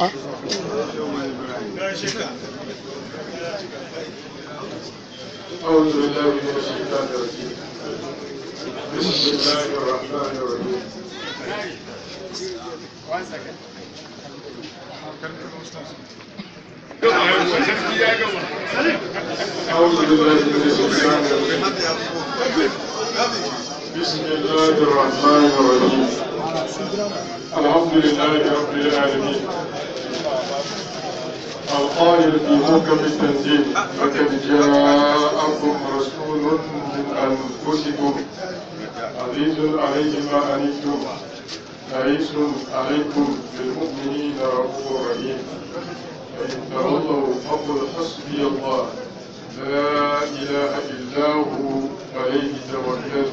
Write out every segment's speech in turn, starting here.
أه؟ أعوذ بالله من الشيطان الرجيم بسم الله الرحمن الرحيم أعوذ بالله من الشيطان الرجيم بسم الله الرحمن الرحيم الحمد لله رب العالمين القائل في محكم التنزيل فقد جاءكم رسول من انفسكم عزيز عليه ما انتم حريص عليكم بالمؤمنين رؤوف رحيم فان تولوا فقل حسبي الله لا اله الا هو عليه توكلت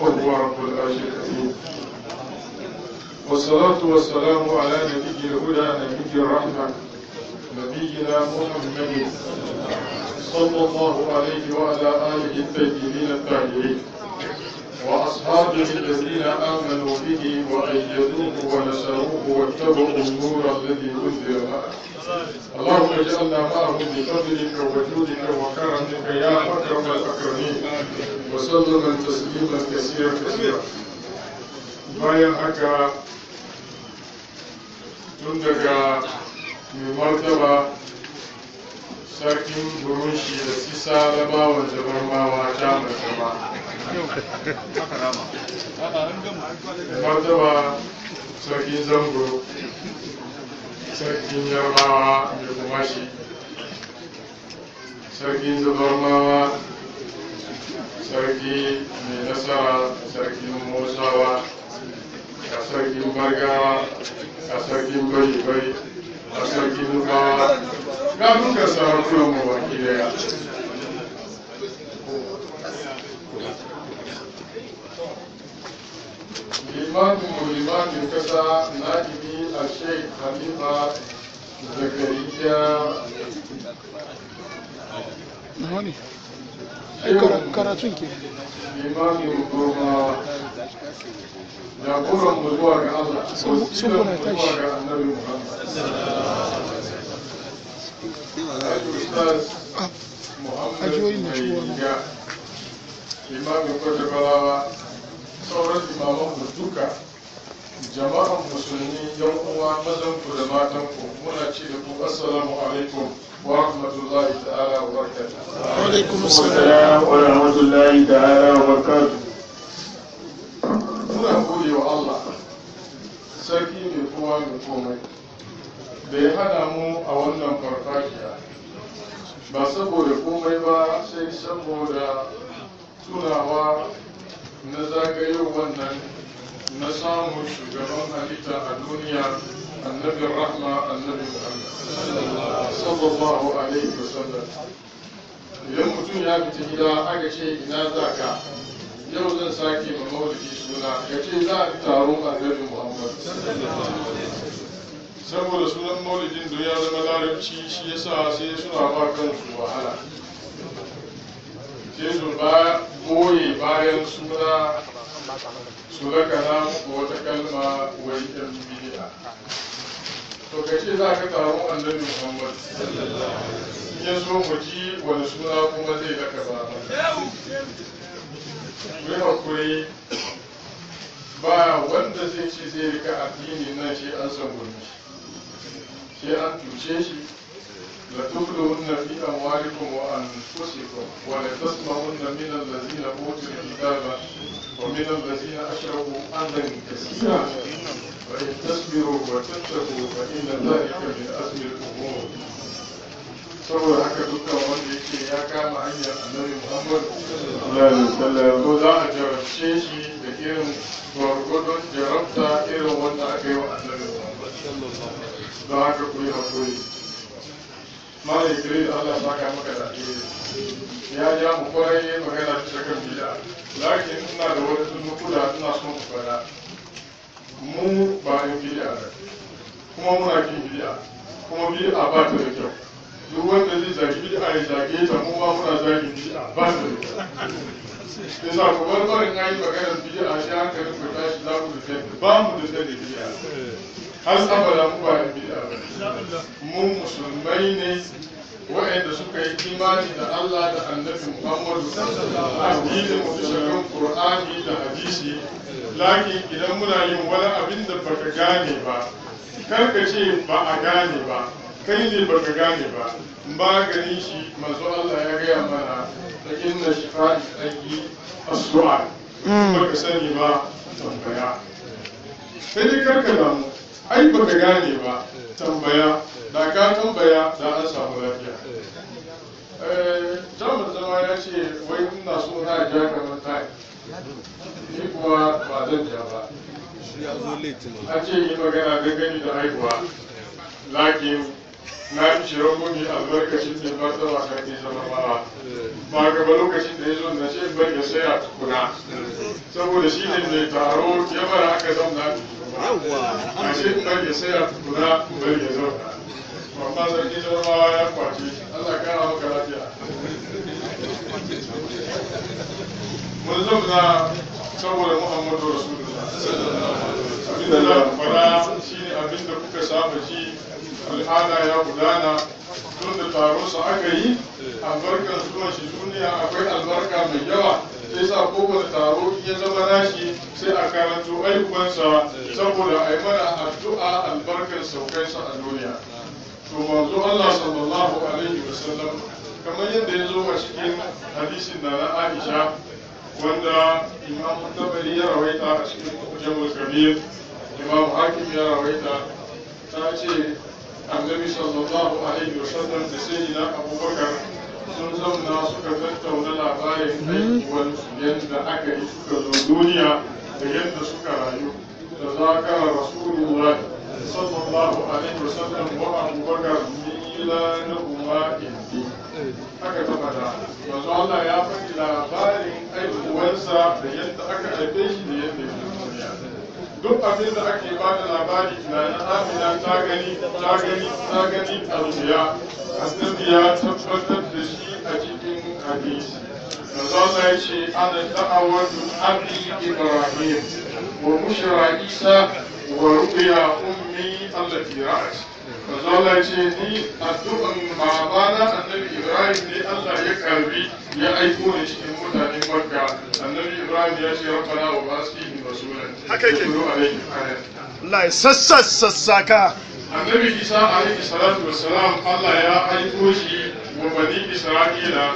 وهو رب العرش الكريم والصلاة والسلام على نبي الهدى نبي الرحمة نبينا محمد صلى الله عليه وعلى آله الطيبين الطاهرين وأصحابه الذين آمنوا به وأيدوه ونشروه واتبعوا النور الذي أنزل اللهم اجعلنا معه بفضلك وجودك وكرمك يا أكرم الأكرمين وسلم تسليما كثيرا كثيرا ما haka tun mai martaba sarkin burunshi da sisa rabawa jabarmawa ta masama mai martaba sarkin zango sarkin yarbawa mai kumashi sarkin zabarmawa sarki mai nasara sarkin musawa a sarkin bargawa a sarkin bari-bari a sarki nufawa ya muka samu tuwon mawaki daya limanin limanin kasa na ibi a sheik halifa zakariya na wani karatun ke limanin goma jagoran mu zuwa ga Allah sun kuna ga annabi Muhammad ajoyin na shigo imamin kwata balawa sauran imaman mu duka jama'an musulmi yan uwa mazan ku da matan ku muna ce da ku assalamu alaikum wa rahmatullahi ta'ala wa barakatuh wa alaikum assalam wa rahmatullahi ta'ala wa barakatuh wa Allah sarki mai kowa da komai da ya hana mu a wannan farfakiya ba saboda komai ba sai saboda tunawa na zagayowar wannan na samun shugaban halitta a duniya annabi rahma annabi muhammad sallallahu alaihi wasallam idan mutum ya fita gida aka ce ina za ka yau zan sake ma maulidi suna ka ce za a a annabi Muhammadu, saboda sunan maulidin da ya zama larabci shi ya sa sai suna ba kansu wahala sai su ba boye bayan suna su lakana muku wata kalma wai ɗan biya to ka ce za ka a annabi Muhammadu, ya zo mu ji wani suna kuma zai laka ba yi haƙuri ba wanda zai ce zai rika addini nan shi an sangwani shi an tuce shi da la tuflihunna fi amwalikum wa anfusikum wa la tasma'unna min allazina utul ko minan min allazina ashraku adan kaseera wa in tasbiru wa tattaqu fa inna dhalika min azmi al-umur saboda haka dukkan wanda yake ya kama hanyar annabi muhammad sallallahu alaihi ko za a jarabce shi da irin gwargwadon jarabta irin wanda aka yi wa annabi muhammad don haka ku yi hakuri malai kiri da allah baka maka da ya ja mu kwarai ya magana ta shakan bila lakin ina da wani tunukuda suna son ku fara mu ba yin bid'a kuma muna kin bid'a kuma bid'a ba ta da kyau duk wanda zai zaki bid'a ya zage ta mu ba muna zagin a ba su da za ku bar barin ayi a shi sai hankalin ku tashi za ku da ba mu da da bid'a har abada mu ba bid'a ba mu musulmai ne waɗanda suka yi imani da Allah da annabi Muhammadu addinin mu shakan Qur'ani da hadisi lakin idan muna yin wani abin da baka gane ba kar ka ce ba a gane ba kai ne baka gane ba maganin shi masu Allah ya gaya mana da inna shifa'i ɗaki hmm. ba baka sani ba tambaya sai dai karka damu ai ba ka gane ba tambaya da ka tambaya da an samu lafiya Jamus eh, zama ya ce wai ina so na ja kamar tai ni kuwa ba zan ja ba a ce yi magana dangane da haihuwa lakin na yi shirar gumi albarkacin da ba tsara ka ke zama mara ba gaba lokacin da ya zo na ce bar ya saya tukuna saboda shi ne mai taro ya bara aka zamna a ce bar ya saya tukuna bar ya zauna amma sarki zama ya kwace Allah kara maka lafiya mun na saboda Muhammadu Rasulullah abinda za ku fara shine abinda kuka saba shi. al'ada ya gudana tun da taro su aka yi albarkar zuwa shi duniya akwai albarka mai yawa sai sa kowane taro ya zama nashi sai a karanto ayyukansa saboda a yi mana addu'a albarkar saukansa a duniya to manzo Allah sallallahu alaihi sallam kamar yadda ya zo a cikin hadisin da na Aisha wanda Imam Tabari ya rawaita a cikin Jami'ul Kabir Imam Hakim ya rawaita ta ce annabi sallallahu alaihi wasallam da na abubakar sun zauna suka tattauna labarin hmm? haihuwarsu yadda aka yi suka zo duniya da yadda suka rayu da zakara rasulullah sallallahu alaihi wasallam wa abubakar mila na umarin aka ta da, yanzu Allah ya faɗi labarin haihuwarsa da yadda aka haife shi da yadda ya duk abin da ake ba da labari tunanin amina ta gani ta gani ta gani tarbiya a ya tabbatar da shi a cikin hadisi da zauna ya ce ana da'awatu abi ibrahim wa bushra isa wa ruqya ummi a ra'at manzo Allah ce ni addu'an babana annabi Ibrahim ne Allah ya karbi ya aiko ni cikin mutanen Makka annabi Ibrahim ya ce rabbana wa basfihi rasulan haka yake Allah ya sassa sassaka annabi Isa alaihi salatu wassalam Allah ya aiko shi wa bani Isra'ila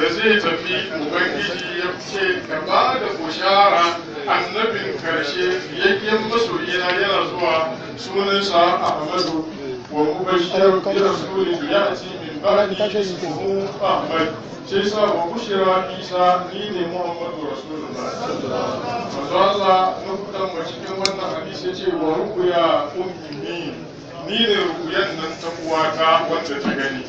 da zai tafi ubangiji ya ce ka ba da bushara annabin karshe yayyen masoyina yana zuwa sunansa Ahmadu ومبشرا برسول ياتي من بعد اسمه احمد sai sa wa bushira isa ni ne muhammadu rasulullah manzo Allah lokutan mu cikin wannan hadisi ce wa rukuya ummi ni ne rukuyan nan ta uwata wanda ta gani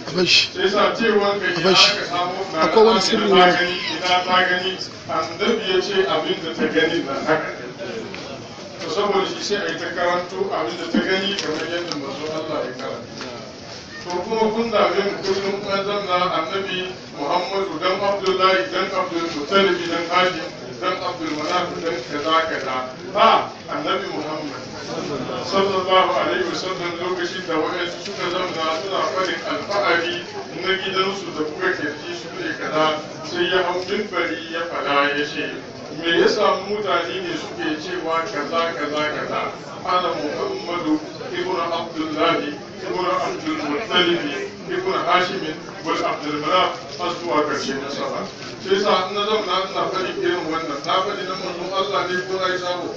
sai sa cewa ka ina aka samu na akwai wani ina ta gani ya ce ta gani na saboda shi sai a yi ta karanto da ta gani kamar yadda masu Allah ya karanta to kuma kun zaɓe mu kullum kun zanna annabi Muhammadu dan Abdullahi dan Abdul Muttalib dan Hashim dan Abdul Manaf dan kaza kaza ba annabi Muhammad sallallahu alaihi wasallam lokacin da wa'ansu suka zanna suna farin alfa'ari na gidansu da kuka kirji su ne kaza sai ya hau bari ya fada ya ce me yasa mutane ne suke cewa kaza kaza kaza ana muhammadu ibnu abdullahi ibnu abdul muttalib ibnu hashim wal abdul manaf har zuwa karshe na saba shi yasa na zauna ina faɗi irin wannan na faɗi na mutum, Allah ne ko ai sabo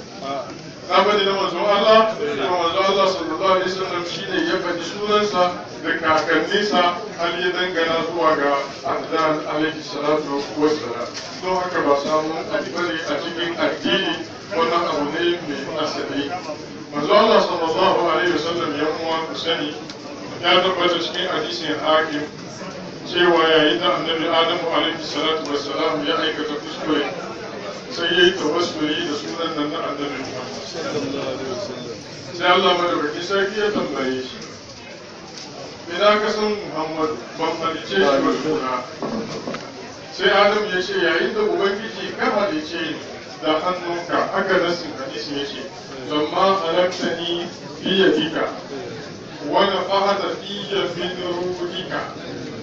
na faɗi na Allah da manzon Allah sallallahu alaihi wasallam shine ya faɗi sunansa da kakanninsa har ya dangana zuwa ga Adnan alaihi salatu wassalam don haka ba samun addini a cikin addini wannan abu ne mai asali manzon Allah sallallahu alaihi wasallam ya muwa ku sani ya tabbata cikin hadisin hakim cewa yayin da annabi Adamu alaihi salatu wassalam ya aikata kuskure sai ya yi tawassuli da sunan nan na annabi Muhammad sai Allah madaukaki sarki ya tambaye shi ina ka san Muhammad ban malice shi ba suna sai Adam ya ce yayin da Ubangiji ka halice da hannunka haka nasin yake lamma halaktani biyadika wa nafahata fiyya min ruhika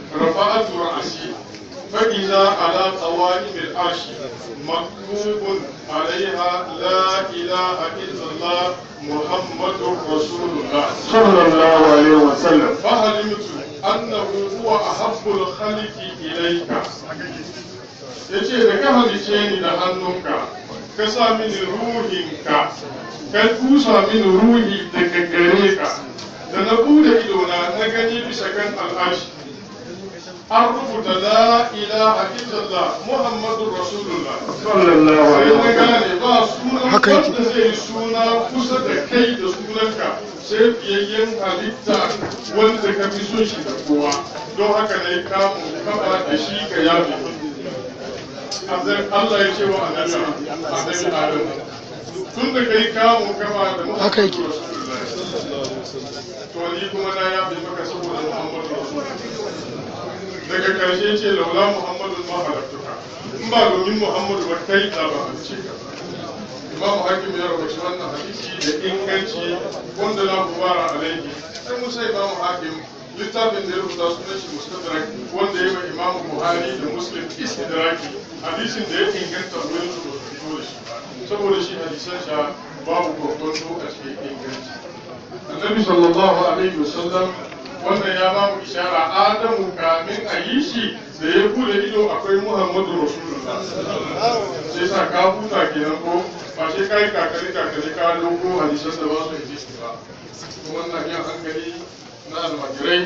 rafa'atu فإذا على قوائم العرش مكتوب عليها لا إله إلا الله محمد رسول الله صلى الله عليه وسلم فعلمت أنه هو أحب الخلق إليك yace da ka halice ni da hannunka ka sa mini ruhinka ka kusa mini ruhi daga gare ka da na bude idona na gani bisa kan al'ashi an rubuta la ilaha illallah muhammadu rasulullah sallallahu alaihi gane ba sunan wanda zai suna kusa da kai da sunanka sai fiyayyen halitta wanda ka fi son shi da kowa don haka ne ka kaba da shi ka yafe Allah ya ce wa annabi annabi Adam tun da kai kamun kama da muhammadu rasulullah to ni kuma na yafe maka saboda muhammadu rasulullah daga karshe ce laula muhammadu ma halaktuka in ba domin muhammadu ba kai da ba a ce ka imamu hakim ya rawaci wannan hadisi da inganci wanda la gubara laifi. sai musa imamu hakim littafin da ya rubuta sunan shi mustadrak wanda ya yi imamu buhari da muslim istidraki hadisin da ya inganta wurin su ba su da shi saboda shi hadisan sha babu kwakwanto a cikin inganci annabi sallallahu alaihi wasallam wannan ya ba mu ishara adamu kamin a yi shi da ya bude ido akwai muhammadu rasulullah sai sa ka huta kenan ko ba sai kai kakari kakari ka dogo hadisan da ba su exist ba wannan yan hankali na almajirai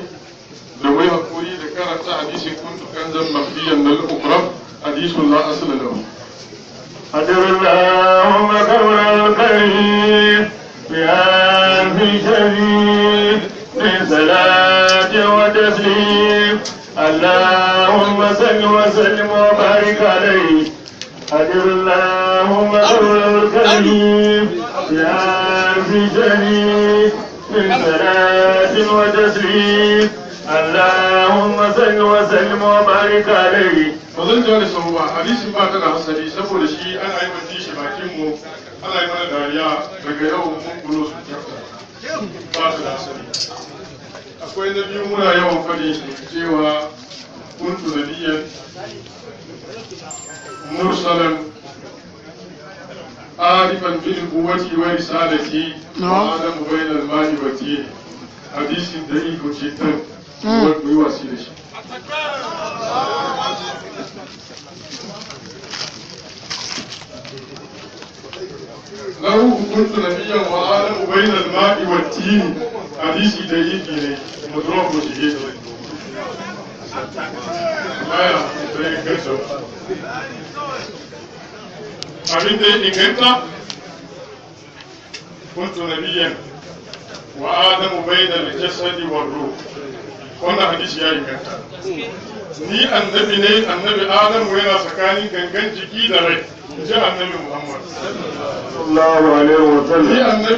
da wai hakuri da karanta hadisin kuntu kan zan mafiyan na al'ukram hadisun la asala lahu حجر اللهم كون الكريم بأنف شديد بسلام اللهم صل وسلم وبارك عليه أجر اللهم أولى الكريم يا في شريك من صلاة وتسليم اللهم صل وسلم وبارك عليه ba zan jawo da sahu ba hadisin ba ta da hasari saboda shi ana yi mafi shi bakin mu yi mana dariya daga yau mun gulo su ba ta da hasari akwai na biyu muna yawan faɗi cewa kuntu nabiyan mursalan arifan bil quwwati wa risalati wa adam bayna al mali wa tin hadisi hmm. da iko jitan wa kuyi wasile shi له كنت نبيا وعالم بين الماء والتين حديث ضعيف مضروب وشهيد abin da ya inganta kuntu nabiyan wa adamu bai da jasadi wa ruh wannan hadisi ya inganta ni annabi ne annabi adamu yana tsakanin gangan jiki da rai ji annabi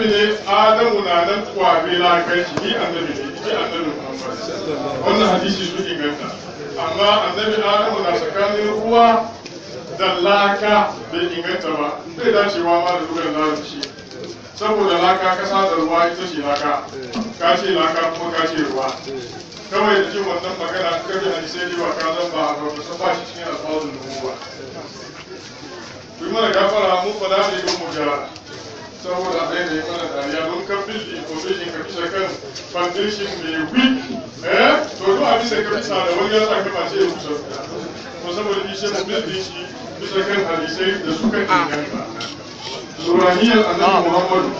ne adamu na nan kwabe na kai shi ni annabi ne annabi muhammad wannan hadisi su inganta amma annabi adamu na tsakanin ruwa da laka da inganta ba bai dacewa ma da dukan larabci saboda laka kasa da ruwa ita ce laka ka ce laka kuma ka ce ruwa kawai da ce wannan magana ka bi hadisai ba ka zan ba a ba san ba shi cikin alfawar ba. duk mana gafara mu fada ne don mu gyara saboda a daina mana dariya don kan bildi ko bildi ka bisa kan foundation mai wi eh to duk a bisa ka bisa da wani yasa ka face ya kusa ko saboda ishe mu bildi shi bisa kan hadisai da suka ba. nuraniyar annabi muhammadu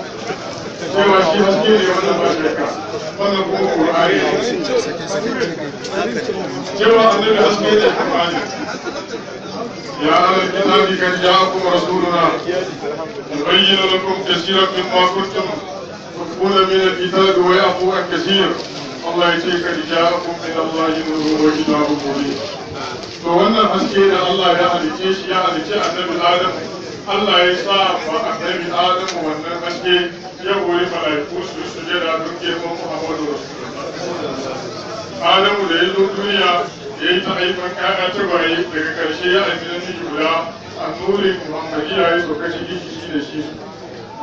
cewa shi haske ne wannan ba shakka wannan kuma ƙur'ani cewa annabi haske ne ƙur'ani يا أهل الكتاب قد جاءكم رسولنا يبين لكم كثيرا مما كنتم تخفون من الكتاب ويعفو عن كثير الله يتيك جاءكم من الله نور وكتاب مبين فوانا حسكينا الله يا أهل الكيش يا أهل الكيش النبي آدم Allah ya sa ba a dabi Adamu wannan haske ya goyi mala'iku su da sujada don girman Muhammadu Rasulullah. Adamu da ya zo duniya ya yi ta haifan kaya ta baye daga karshe ya haifi na guda a nuri Muhammadu ya yi cikin shi da shi.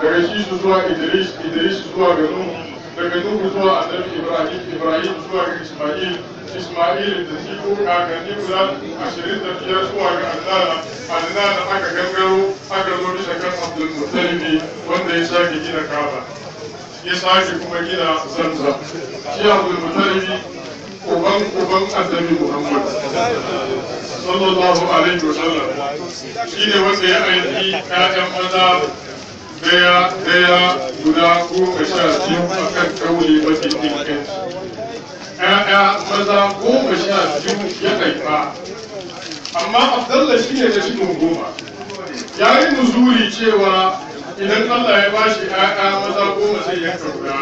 Daga shi zuwa Idris, Idris zuwa ga Nuhu, daga nuhu zuwa annabi ibrahim ibrahim zuwa ga isma'il isma'il da tiku kakanni guda ashirin da biyar zuwa ga annana annana aka gangaro aka zo bisa kan abdulmuttalibi wanda ya sake gina kaba ya sake kuma gina zanza shi abdulmuttalibi uban uban annabi muhammad sallallahu alaihi wasallam shi ne wanda ya aiki ƴaƴan maza daya daya guda goma sha biyu a kan kauli mafi inganci ‘ya'ya maza goma sha biyu ya haifa amma abdallah shi ne da cikin goma ya yi zuri cewa idan allah ya ba shi ‘ya'ya maza goma sai ya guda.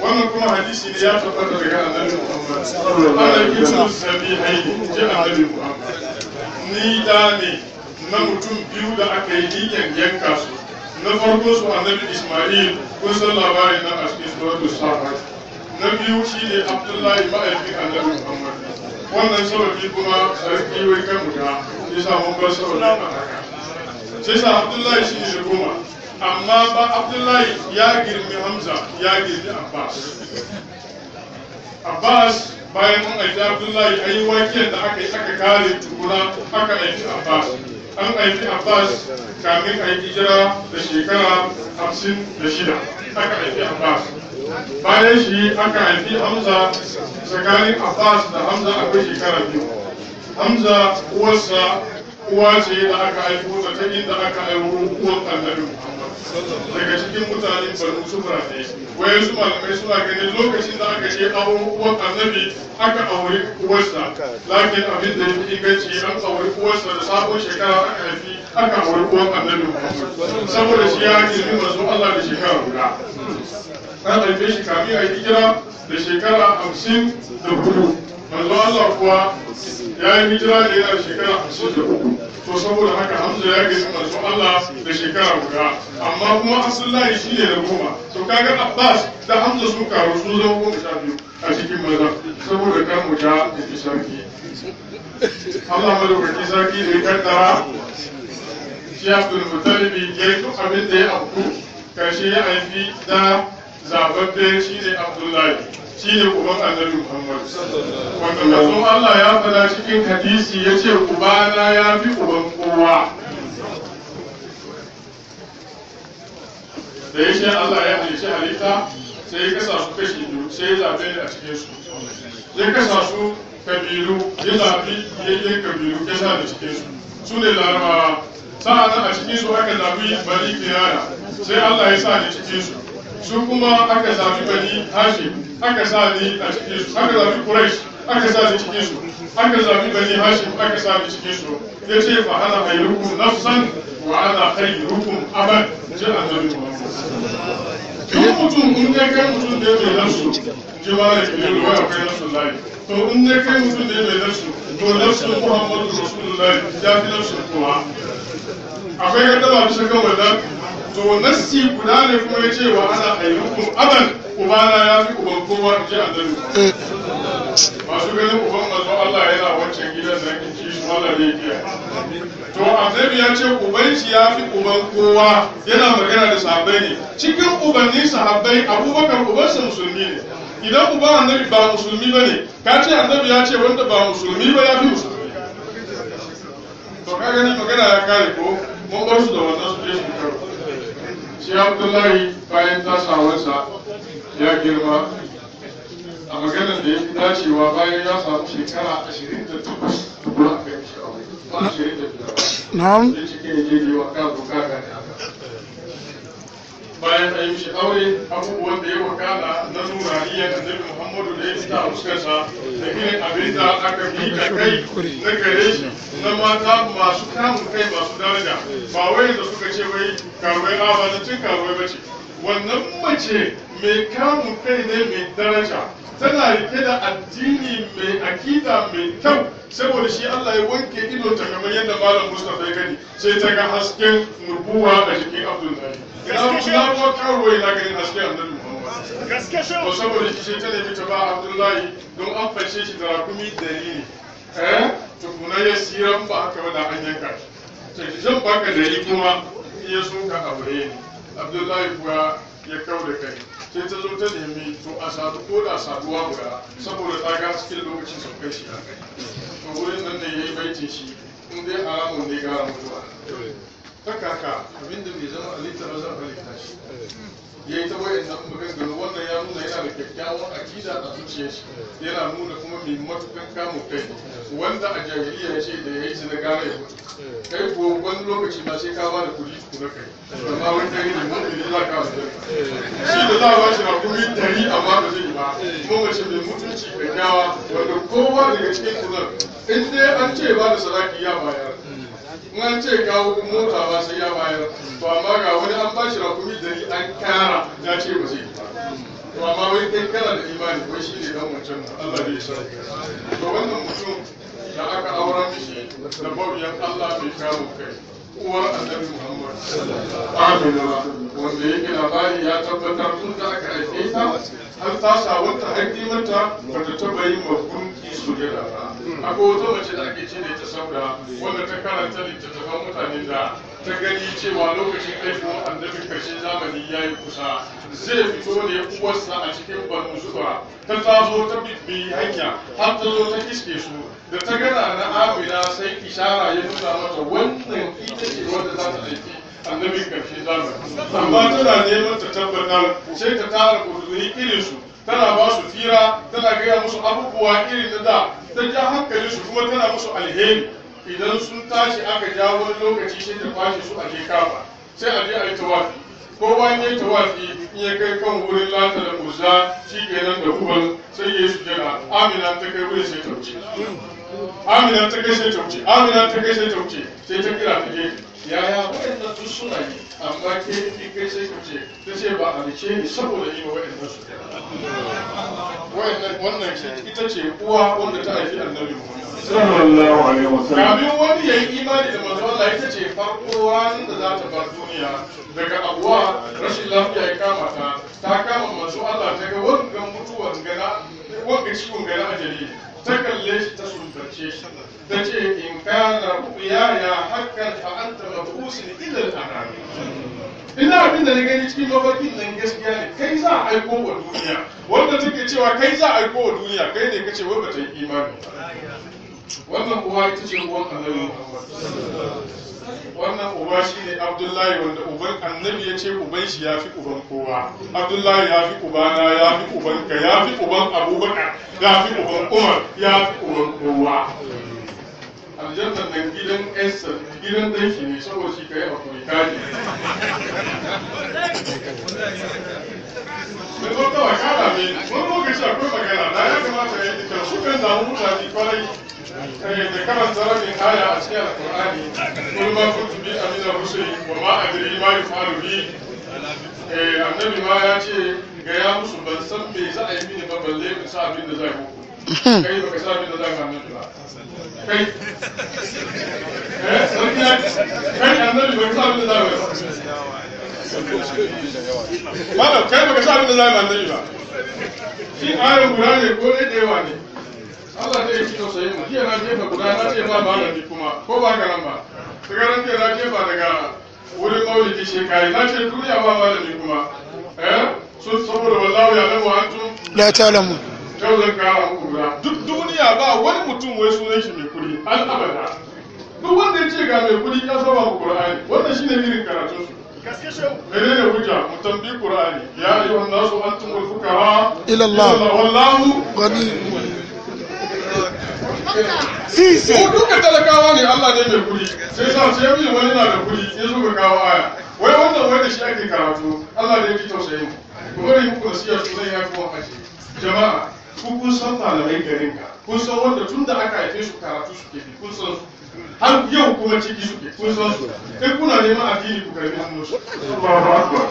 wannan kuma hadisi ne ya tabbata daga annabi muhammad ana kiran sabi haini ji annabi muhammad ni da ne na mutum biyu da aka yi yankan yanka su na farko su annabi ismail kun san labarin nan a cikin suratul safat na biyu shi ne abdullahi ma'aikin annabi muhammad wannan sababi kuma sarki wai kan guda ya samu mun bar sababi a haka sai sa abdullahi shi ne goma amma ba abdullahi ya girmi hamza ya girmi abbas abbas bayan an aiki abdullahi ayi waken da aka yi aka kare tukuna aka aiki abbas an aiki abbas kamin a hijira da shekara hamsin da shida aka aiki abbas bayan shi aka aiki hamza tsakanin abbas da hamza akwai shekara biyu hamza uwarsa uwa ce da aka aiko ta ta inda aka aiko uwan annabi Muhammad daga cikin mutanen Banu su murafe wayan su malamai suna gani lokacin da aka ce aure uwan annabi aka aure kuwarsa lakin abin da yake inganci an aure kuwarsa da sabon shekara aka haifi aka aure uwan annabi Muhammad saboda shi ya girmi manzo Allah da shekara guda an haife shi kamin a hijira da shekara hamsin da hudu manzo Allah kuwa ya yi hijira da yana shekara hamsin da uku to saboda haka hamza ya gaji manzo Allah da shekara guda amma kuma abdullahi shi ne da goma to kaga abbas da hamza sun karu sun zama goma sha biyu a cikin maza saboda kan mu ta tafi sarki Allah madaukaki sarki da ya kaddara shi abdul mutalibi ya yi duk abin da ya afku karshe ya haifi da zababbe shi ne abdullahi shi ne uban annabi muhammad wanda manzon allah ya faɗa cikin hadisi ya ce ubana ya fi uban kowa da ya ce allah ya halice halitta sai ya kasa su kashi biyu sai ya zaɓe ni a cikin su ya kasa su kabilu ya zaɓi yayyen kabilu ya sa da cikin su su ne larabawa sa'an a cikin su aka zaɓi bari kirara sai allah ya sa ni cikin su su kuma aka zaɓi bani hashim aka sa ni a cikin su aka zaɓi quraish aka sa ni cikin su aka zaɓi bani hashim aka sa ni cikin su ya ce fa ana khairukum nafsan wa ana khairukum aban ji annabi muhammad duk mutum in dai kai mutum da ya mai nafsu ji ma da kirilu wa kai nafsu layi to in dai kai mutum da ya mai nafsu to nafsu muhammadu rasulullahi ya fi nafsu kuma akwai yadda ba bisa kan wannan to nassi guda ne kuma ya ce wa ana ayyukum aban ubana ya fi uban kowa in a annabi masu ganin uban manzo Allah yana wancan gidan nan in ji su ne kiya to annabi ya ce ubanci ya fi uban kowa yana magana da sahabbai ne cikin ubannin sahabbai abubakar ubansa musulmi ne idan uban annabi ba musulmi ba ne ka ce annabi ya ce wanda ba musulmi ba ya fi musulmi to ka gani magana ya kare ko mun bar su da wannan su je su karo shi abdullahi bayan tasawarsa ya girma a maganar da ya fi dacewa bayan ya samu shekara ashirin da takwas a kan shi a wani ba ashirin da biyar ba ya cike ya je wa kan buka gane bayan an yi aure abubuwan da ya wakala na iya da zai muhammadu da ya fita a fuskarsa da irin abin da aka bi da kai na gare na mata masu kamun kai masu daraja ba wai da suka ce wai karuwai ba na cin karuwai ba ce wannan mace mai kamun kai ne mai daraja tana rike da addini mai akida mai kyau saboda shi Allah ya wanke ido ta kamar yadda malam Mustafa ya gani sai ta ga hasken nubuwa a jikin Abdullahi na kuma karuwa ina ganin hasken annabi Muhammad gaske shi to saboda shi sai ta nemi ta ba Abdullahi don an fashe shi da rakumi ne. eh tukuna ya siran ba haka ba da an yanka shi zan baka dalili kuma ya so ka aure ni abdullahi kuwa ya kau da kai sai ta zo ta nemi to a sadu ko da saduwa guda saboda ta ga cikin lokacin sau kai shi a kai wurin nan ne ya yi baiti shi in dai haramun ne gara mutuwa ta kaka abinda mai zama halitta ba zan halitta shi ya yi ta kan gano wannan ya nuna yana da kyakkyawan akida a zuciyar shi yana nuna kuma mai matukan kamun kai wanda a jahiliya ya ce da ya yi zina gara ya mutu kai ko wani lokaci ma sai ka ba da kuɗi ku na kai amma wani kai ne mutu ne za ka wasu shi da za a ba shi rakumi a amma ba zai yi ba kuma mace mai mutunci kyakkyawa wanda kowa daga cikin kunan in dai an ce ba da sadaki ya bayar an ce ga mota ba sai ya bayar to amma ga wani an ba shi rakumi ni an kara ya ce ba zai to amma wani kai kara da imani ko shi ne dan wancan Allah bai sha to wannan mutum da aka aura mishi da bauyan Allah bai kawo kai uwar annabi Muhammad amina wanda yake labari ya tabbatar tun da aka haife ta har ta sabunta hakimanta ba ta taba yin mafhum ki sujada ba akwai wata mace da ake ce da ita saura wanda ta karanta littattafan mutane da ta gani cewa lokacin haihuwar annabin karshen zamani ya yi kusa zai fito ne uwarsa a cikin banu zuba ta tazo ta bibbi hanya har ta zo ta kiske su da ta gana na amina sai ishara ya nuna mata wannan ita ce wanda za ta aiki annabin karshen zamani amma tana neman ta tabbatar sai ta tara kudurri irinsu tana ba su tsira tana gaya musu abubuwa irin na da ta ja hankali su kuma tana musu alheri idan sun tashi aka ja wani lokaci sai ta kwashe su a je kafa sai a je a yi tawafi ko bayan yi tawafi in ya kai kan wurin lata da kuza shi kenan da hubal sai ya yi sujjada amina ta kai wurin sai ta wuce amina ta gaishe ta wuce amina ta gaishe ta sai ta kira ta gefe yaya waɗannan duk suna yi amma ke kai sai ta ce ta ce ba a rike ni saboda yi wa waɗannan su wannan ita ce uwa wanda ta haifi annabi sallallahu alaihi wasallam kamin wani yi imani da manzo Allah ita ce farko ranar da za ta bar duniya daga abuwa rashin lafiya ya kama ta ta kama manzo Allah ta ga wannan mutuwar gana wannan ciwon gana ajali ta kalle shi ta suntace shi ta ce in kana ruya ya hakan fa anta mabusin ila al arabi ina abin da na gani cikin mafarkin nan gaskiya ne kai za a aiko wa duniya wanda take cewa kai za a aiko wa duniya kai ne kace wai bata yi imani wannan uwa ita ce uwan annabi Muhammad wannan uba shi ne abdullahi wanda uban annabi ya ce uban shi ya fi uban kowa abdullahi ya fi ubana ya fi uban ka ya fi uban abubakar ya fi uban umar ya fi uban kowa aljanna nan gidan yansa gidan danki ne saboda shi ka yi kurika ne Mai zo kawai kada ne wani lokaci akwai magana da ya kamata ya yi da su kan damu mutane kwarai kai karanta rabin aya a cikin alkur'ani kul ma kuntu bi amina wa ma adri ma yufalu bi eh annabi ya ce ga musu ban san me za a yi mini ba balle in sa abin da zai muku kai ba ka sa abin da zai annabi ba kai eh sarki kai annabi ba ka sa abin da ba kai ba sa abin da ba ne ko ne Allah zai ci tausayin mu jiya na jefa guda na jefa ba malami kuma ko ba garan ba tsakarar jiya na jefa daga wurin maulidi shekari na ce duniya ba malami kuma eh? sun saboda wallahu ya lamu antum la ta'lamu yau zan kara muku guda duk duniya ba wani mutum wai sunan shi mai kuɗi an abada duk wanda ya ce ga mai kuɗi ya saba ku qur'ani wannan shine irin karatun su ne hujja mu tambi qur'ani ya ayyuhan nasu antumul fuqara ila allah wallahu ghani sisi ko duka talakawa ne Allah ne mai kuɗi sai sa sai yabi wani na da kuɗi ya zo ka kawo aya wai wannan wai da shi ake karatu Allah ne ya ji tausayin ku ko ne ku nasiya su zai ya kuma aje jama'a ku kun san malamai garin ka kun san wanda tun da aka haife su karatu suke bi kun san su har yau kuma ciki su ke kun san su kai kuna neman addini ku karbi hannun su Allahu akbar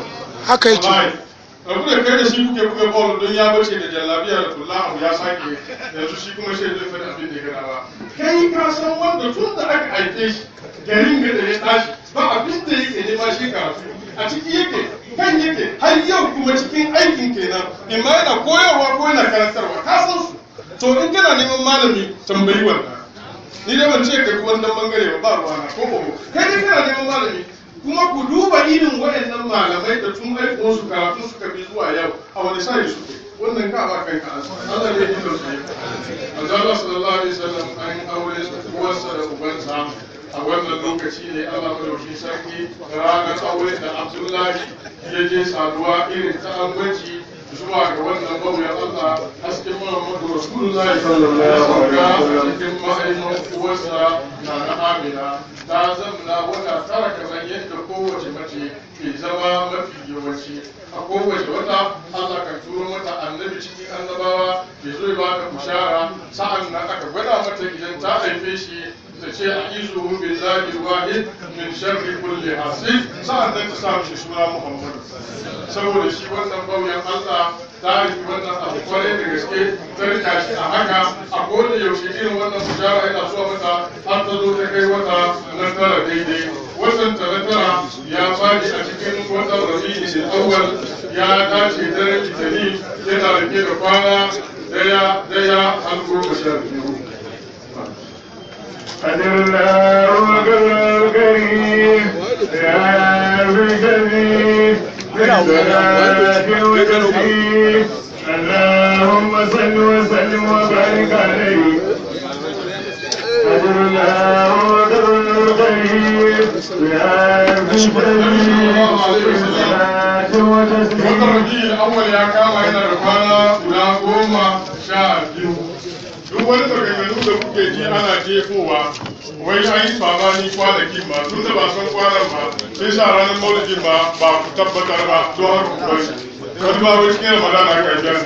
haka yake rabu da kai da shi kuke buga bawa don ya bace da jallabi da tullahu ya sake yanzu shi kuma shi zai fada abin da ya gana ba kai ka san wanda tun da aka aike shi garin ga da ya tashi ba abin da yake nema shi karatu a ciki yake kan yake har yau kuma cikin aikin kenan ma yana koyarwa ko yana karantarwa ka san su to in kana neman malami tambayi wannan ni da ban ce kai kuma dan bangare ba ba ruwa na ko ko kai ne kana neman malami kuma ku duba irin waɗannan malamai da tun haifuwar su karatu su bi zuwa yau a wani sa'i suke wannan ka ba kanka a Allah ne ya dauke Azalla sallallahu alaihi wasallam an aure uwarsa da ubansa a wannan lokaci ne Allah madauki sarki ranar aure da Abdullahi ya je saduwa irin ta ambaci zuwa ga wannan bauyan Allah hasken Muhammadu Rasulullahi sallallahu alaihi wasallam cikin ma'aimin uwarsa na na Amina ta zamna wata tara kamar yadda kowace mace ke zama mafi yawanci a kowace wata Allah ka turo mata annabi ciki annabawa ya zo ya baka bushara sa'an nan aka gwada mata idan ta haife shi ta ce a bi billahi wahid min sharri kulli hasid sa'an nan ta sa shi suna muhammadu saboda shi wannan bauyan allah ta yi wannan abu kwarai da gaske ta rika shi a haka a kowane yaushe irin wannan bishara yana zuwa mata har ta zo ta kai wata na tara daidai watan tara tara ya faɗi a cikin watan rabi'i da awwal ya dace daren litinin yana rike da kwana daya daya har goma sha biyu قد الله الكريم يا بالجديد بالصلاة والتسليم اللهم صل وسلم وبارك عليه قد الله الكريم يا بالجديد بالصلاة والتسليم أول يا كاما هنا ركوانا ولا قوما شاكيو duk wani maganganu da kuke ji ana jefowa wai an yi sabani kwanakin ba tun da ba san kwanan ba sai sa ranar maulidin ba ba ku tabbatar ba to har ku bari wani ma wai cikin ramadana kan jan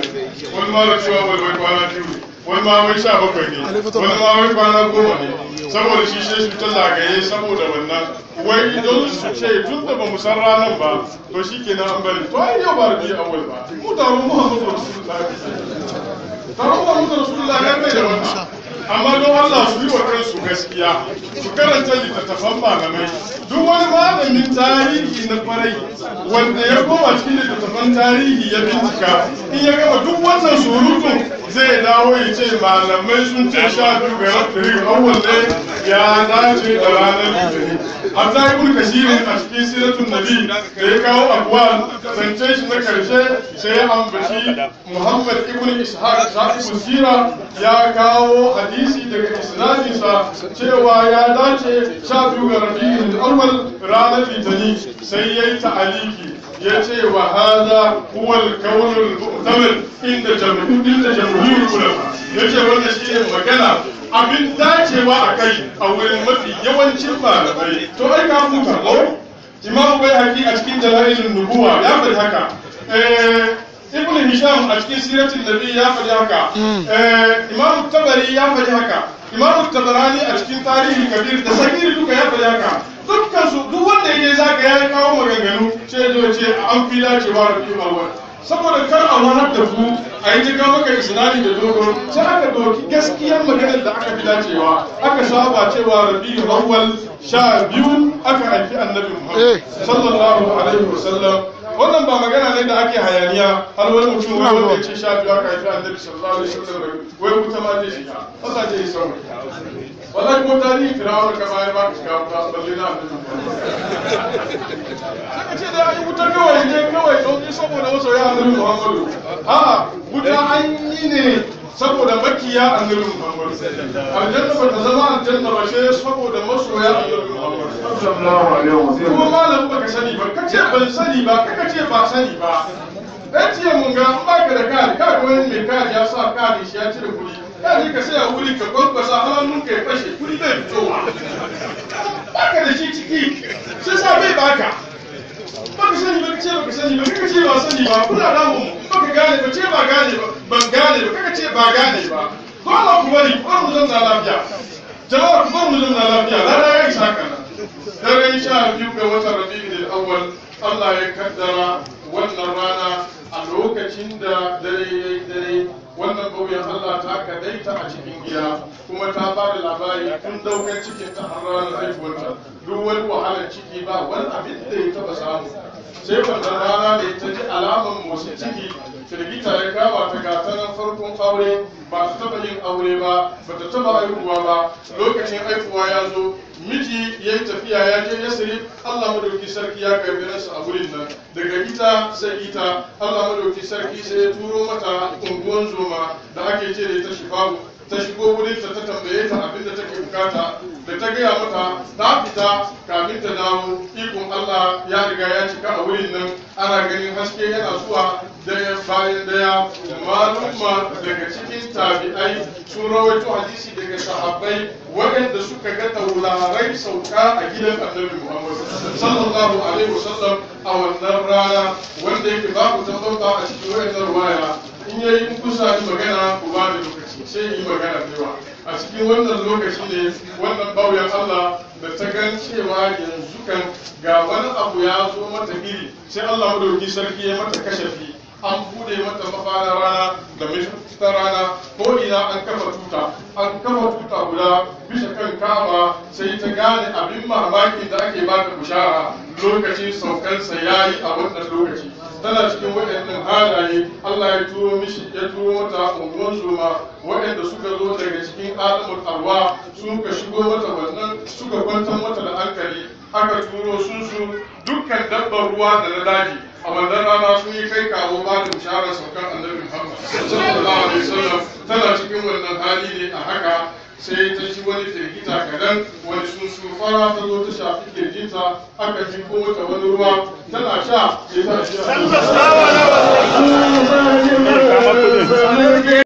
wani ma da cewa wai wai kwana biyu wani ma wai sha bakwai ne wani ma wai kwana goma ne saboda shi sai su ta zagaye saboda wannan wai idan su ce tun da ba mu san ranar ba to shi kenan an bari to ai yau ba rabi awal ba mu da mu Muhammadu Rasulullahi Estamos hablando de Rasulullah vermeyelim. amma don Allah su yi wa kansu gaskiya su karanta littattafan malamai duk wani malamin tarihi na farai wanda ya koma cikin littattafan tarihi ya bincika in ya gama duk wannan surutun zai dawo ya ce malamai sun ce sha biyu ga rafi ne ya dace da ranar litinin A ibn kashirin a cikin siratun nabi da ya kawo akwal zance shi na karshe sai ya ambaci muhammad ibn ishaq shafi sira ya kawo hadisi hadisi daga isnadinsa cewa ya dace sha biyu ga rabi'in awwal ranar litani sai yi ta'aliki ya ce wa hada kuwal kaunul mu'tamil inda jamhuriyar kula ya ce wanda shi ne magana abin dacewa a kai a wurin mafi yawancin malamai to ai ka huta ko imamu bai haƙi a cikin jalailin nubuwa ya faɗi haka eh ibn hisham a cikin siratul nabi ya faɗi haka hmm. eh, imam tabari ya faɗi haka imam tabarani a cikin tarihi kabir da sabir duka ya faɗi haka dukkan su duk wanda yake zaka ya kawo maganganu ce ce an fi dacewa da ma wani saboda kar a wahalar da ku a yi jika maka isnadi da dogo sai aka ɗauki gaskiyar maganar da aka fi dacewa aka saba cewa rabi'u awwal sha biyu aka haifi annabi muhammad sallallahu alaihi wasallam wannan ba magana ne da ake hayaniya har wani mutum wai wanda ya ce sha biyu aka haifi annabi sallallahu alaihi wasallam wai kuta ma zai shi Allah zai yi sauri ba zan ko tarihi firawun ka bayan ba ka shiga wuta balle na abin sai Saka ce da an yi wutar kawai ne kawai sauki saboda wasu ya annabi muhammadu a guda an yi ne saboda makiya annabi muhammadu aljanna ba ta zama aljanna ba sai saboda masoya annabi muhammadu kuma malam baka sani ba ka ce ban sani ba ka ce ba sani ba dan ce mun ga an baka da kari kari wani mai kari ya sa kari shi ya ci da kuri. ya je ka saya wuri ka gwaggwasa hannun ka ya fashe kuri zai wa. baka da shi ciki sai sa bai baka baka sani ba ce baka sani ba kaka ce ba sani ba kuna damu baka gane ba ce ba gane ba ban gane ba kaka ce ba gane ba dole ku bari ku bar mu zanna lafiya jama'a ku bar mu zanna lafiya lada ya isa kana dare sha biyu ga watan rabi'ul awwal Allah ya kaddara wannan rana a lokacin da dare ya yi dare wannan ƙauyen Allah ta kadaita a cikin gida kuma ta ba da labari tun daukar cikin ta har ranar duk wani wahalar ciki ba wani abin da ya taba samu sai wannan rana ne ta ji alamar motsi ciki firgita ya kama ta gata nan farkon aure ba ta taba yin aure ba ba ta taba haihuwa ba lokacin haihuwa ya zo miji ya yi tafiya ya je ya siri Allah madauki sarki ya karbi nasu a wurin nan daga ita sai ita Allah madauki sarki sai ya turo mata unguwan zoma da ake ce da ita babu. ta shigo wurinta ta tambaye ta abin da take bukata da ta gaya mata ta fita kamin ta dawo ikon Allah ya riga ya cika a wurin nan ana ganin haske yana zuwa da ya bayan daya malumma daga cikin tabi'ai sun rawaito hadisi daga sahabbai waɗanda suka ga taurarai sauka a gidan annabi Muhammad sallallahu alaihi wasallam a wannan rana wanda yake ku tabbata a cikin wayar waya in yayi kusa magana ku ba da sai yi magana cewa a cikin wannan lokaci ne wannan bauyan Allah da ta gan cewa yanzu kan ga wani abu ya zo mata iri sai Allah madauki sarki ya mata kashafi an bude mata mafanar rana da ta rana ko ina an kafa tuta an kafa tuta guda bisa kan kama sai ta gane abin mamakin da ake bata bushara lokacin saukansa yayi a wannan lokaci tana cikin waɗannan halaye Allah ya turo mishi ya turo mata unguwan zoma waɗanda suka zo daga cikin alamul arwa suka shigo mata wannan suka kwantar mata da hankali aka turo sun su dukkan dabbar ruwa da na daji a wannan rana sun yi kai kawo ba da bisharar saukan annabi Muhammad sallallahu tana cikin wannan hali ne a haka sai ta ci wani firgita kadan wani sunsu fara ta zo ta shafi firgita aka ji ko wata wani ruwa tana sha sai ta sha